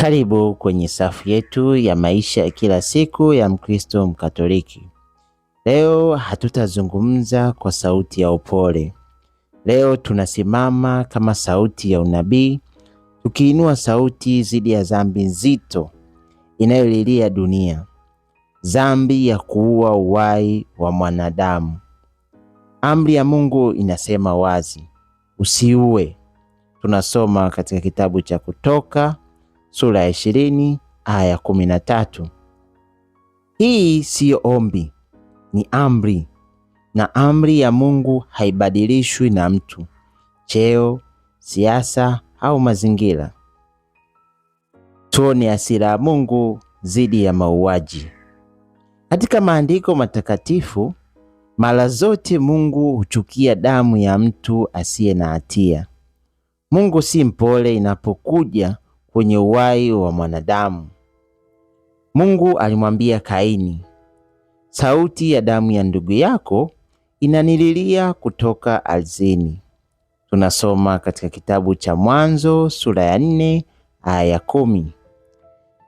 Karibu kwenye safu yetu ya maisha ya kila siku ya Mkristo Mkatoliki. Leo hatutazungumza kwa sauti ya upole. Leo tunasimama kama sauti ya unabii, tukiinua sauti dhidi ya dhambi nzito inayolilia dunia, dhambi ya kuua uhai wa mwanadamu. Amri ya Mungu inasema wazi, usiue. Tunasoma katika kitabu cha Kutoka sura ya 20 aya tatu. Hii siyo ombi, ni amri, na amri ya Mungu haibadilishwi na mtu, cheo, siasa au mazingira. Tuone hasira ya Mungu dhidi ya mauaji. Katika maandiko matakatifu mara zote Mungu huchukia damu ya mtu asiye na hatia. Mungu si mpole inapokuja kwenye uhai wa mwanadamu. Mungu alimwambia Kaini, sauti ya damu ya ndugu yako inanililia kutoka ardhini. Tunasoma katika kitabu cha Mwanzo sura ya nne aya ya kumi.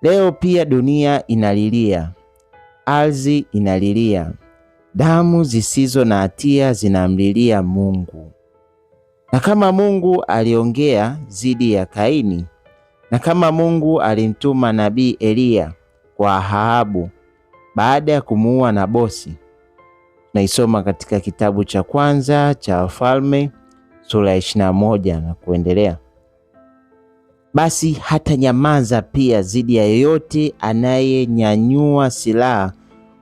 Leo pia dunia inalilia, ardhi inalilia, damu zisizo na hatia zinamlilia Mungu. Na kama Mungu aliongea dhidi ya Kaini, na kama Mungu alimtuma nabii Eliya kwa Ahabu baada ya kumuua na bosi tunaisoma katika kitabu cha kwanza cha Wafalme sura ya 21 na moja na kuendelea. Basi hata nyamaza pia dhidi ya yeyote anayenyanyua silaha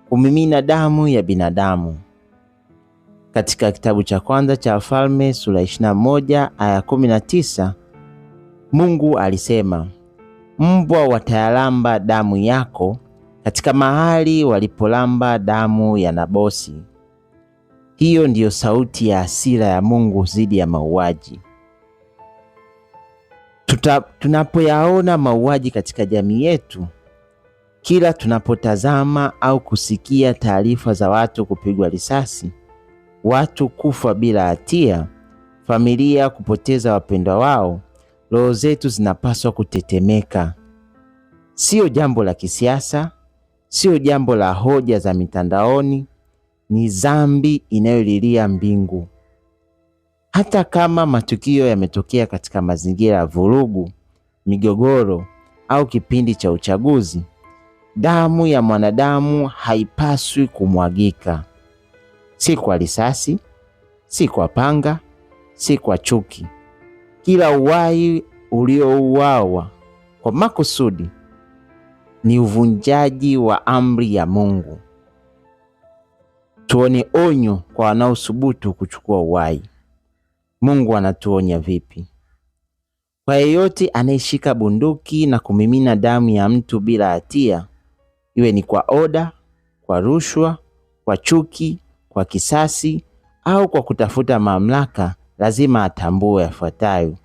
kumimina damu ya binadamu. Katika kitabu cha kwanza cha Wafalme sura 21 aya 19 Mungu alisema, mbwa watayalamba damu yako katika mahali walipolamba damu ya Nabosi. Hiyo ndiyo sauti ya hasira ya Mungu dhidi ya mauaji. Tunapoyaona mauaji katika jamii yetu, kila tunapotazama au kusikia taarifa za watu kupigwa risasi, watu kufa bila hatia, familia kupoteza wapendwa wao, roho zetu zinapaswa kutetemeka. Sio jambo la kisiasa, sio jambo la hoja za mitandaoni, ni dhambi inayolilia mbingu. Hata kama matukio yametokea katika mazingira ya vurugu, migogoro au kipindi cha uchaguzi, damu ya mwanadamu haipaswi kumwagika, si kwa risasi, si kwa panga, si kwa chuki kila uhai uliouawa kwa makusudi ni uvunjaji wa amri ya Mungu. Tuone onyo kwa wanaothubutu kuchukua uhai. Mungu anatuonya vipi? Kwa yeyote anayeshika bunduki na kumimina damu ya mtu bila hatia, iwe ni kwa oda, kwa rushwa, kwa chuki, kwa kisasi au kwa kutafuta mamlaka, lazima atambue yafuatayo: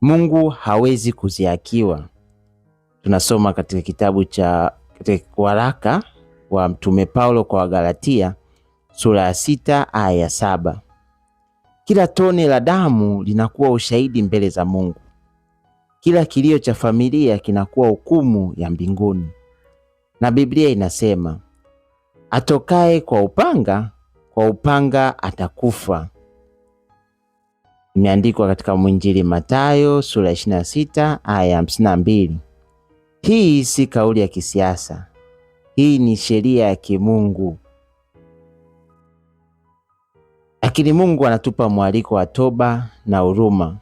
Mungu hawezi kuziakiwa. Tunasoma katika kitabu cha katika waraka wa Mtume Paulo kwa Wagalatia sura ya sita aya ya saba. Kila tone la damu linakuwa ushahidi mbele za Mungu. Kila kilio cha familia kinakuwa hukumu ya mbinguni, na Biblia inasema, atokaye kwa upanga kwa upanga atakufa imeandikwa katika mwinjili Mathayo sura 26 aya 52. Hii si kauli ya kisiasa, hii ni sheria ya kimungu. Lakini Mungu anatupa mwaliko wa toba na huruma.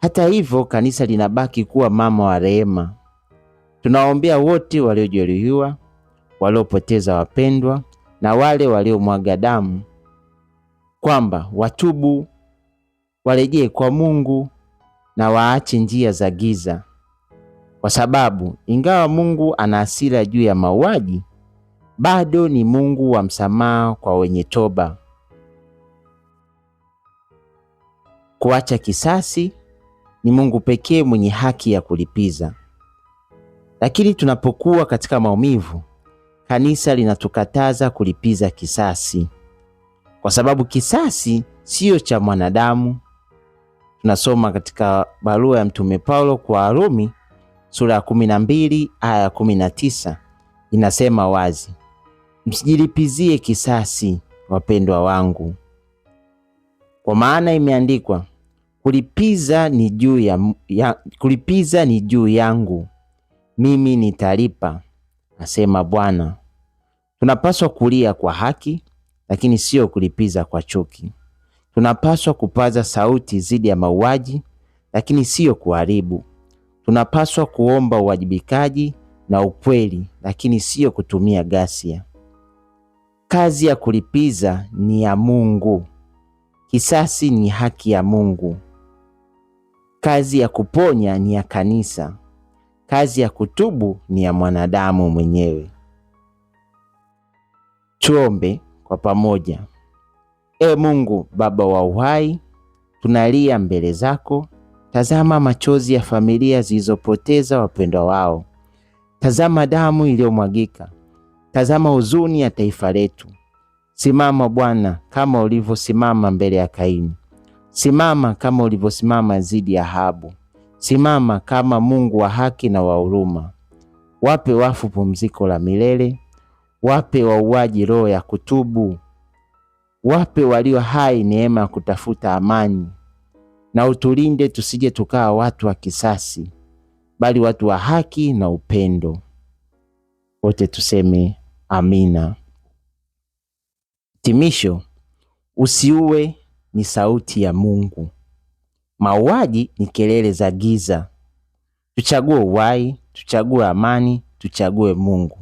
Hata hivyo, kanisa linabaki kuwa mama wa rehema. Tunawaombea wote waliojeruhiwa, waliopoteza wapendwa na wale waliomwaga damu, kwamba watubu warejee kwa Mungu na waache njia za giza, kwa sababu ingawa Mungu ana hasira juu ya mauaji, bado ni Mungu wa msamaha kwa wenye toba. Kuacha kisasi, ni Mungu pekee mwenye haki ya kulipiza. Lakini tunapokuwa katika maumivu, kanisa linatukataza kulipiza kisasi, kwa sababu kisasi siyo cha mwanadamu tunasoma katika barua ya Mtume Paulo kwa Warumi sura ya kumi na mbili aya ya kumi na tisa inasema wazi, msijilipizie kisasi, wapendwa wangu, kwa maana imeandikwa, kulipiza ni juu ya, ya, kulipiza ni juu yangu, mimi nitalipa, asema Bwana. Tunapaswa kulia kwa haki, lakini sio kulipiza kwa chuki. Tunapaswa kupaza sauti dhidi ya mauaji, lakini siyo kuharibu. Tunapaswa kuomba uwajibikaji na ukweli, lakini siyo kutumia ghasia. Kazi ya kulipiza ni ya Mungu. Kisasi ni haki ya Mungu. Kazi ya kuponya ni ya kanisa. Kazi ya kutubu ni ya mwanadamu mwenyewe. Tuombe kwa pamoja. E Mungu Baba wa uhai, tunalia mbele zako. Tazama machozi ya familia zilizopoteza wapendwa wao. Tazama damu iliyomwagika. Tazama huzuni ya taifa letu. Simama Bwana, kama ulivyosimama mbele ya Kaini. Simama kama ulivyosimama dhidi ya Habu. Simama kama Mungu wa haki na wa huruma. Wape wafu pumziko la milele. Wape wauaji roho ya kutubu Wape walio hai neema ya kutafuta amani, na utulinde tusije tukawa watu wa kisasi, bali watu wa haki na upendo. Wote tuseme amina. Timisho: usiue ni sauti ya Mungu, mauaji ni kelele za giza. Tuchague uhai, tuchague amani, tuchague Mungu.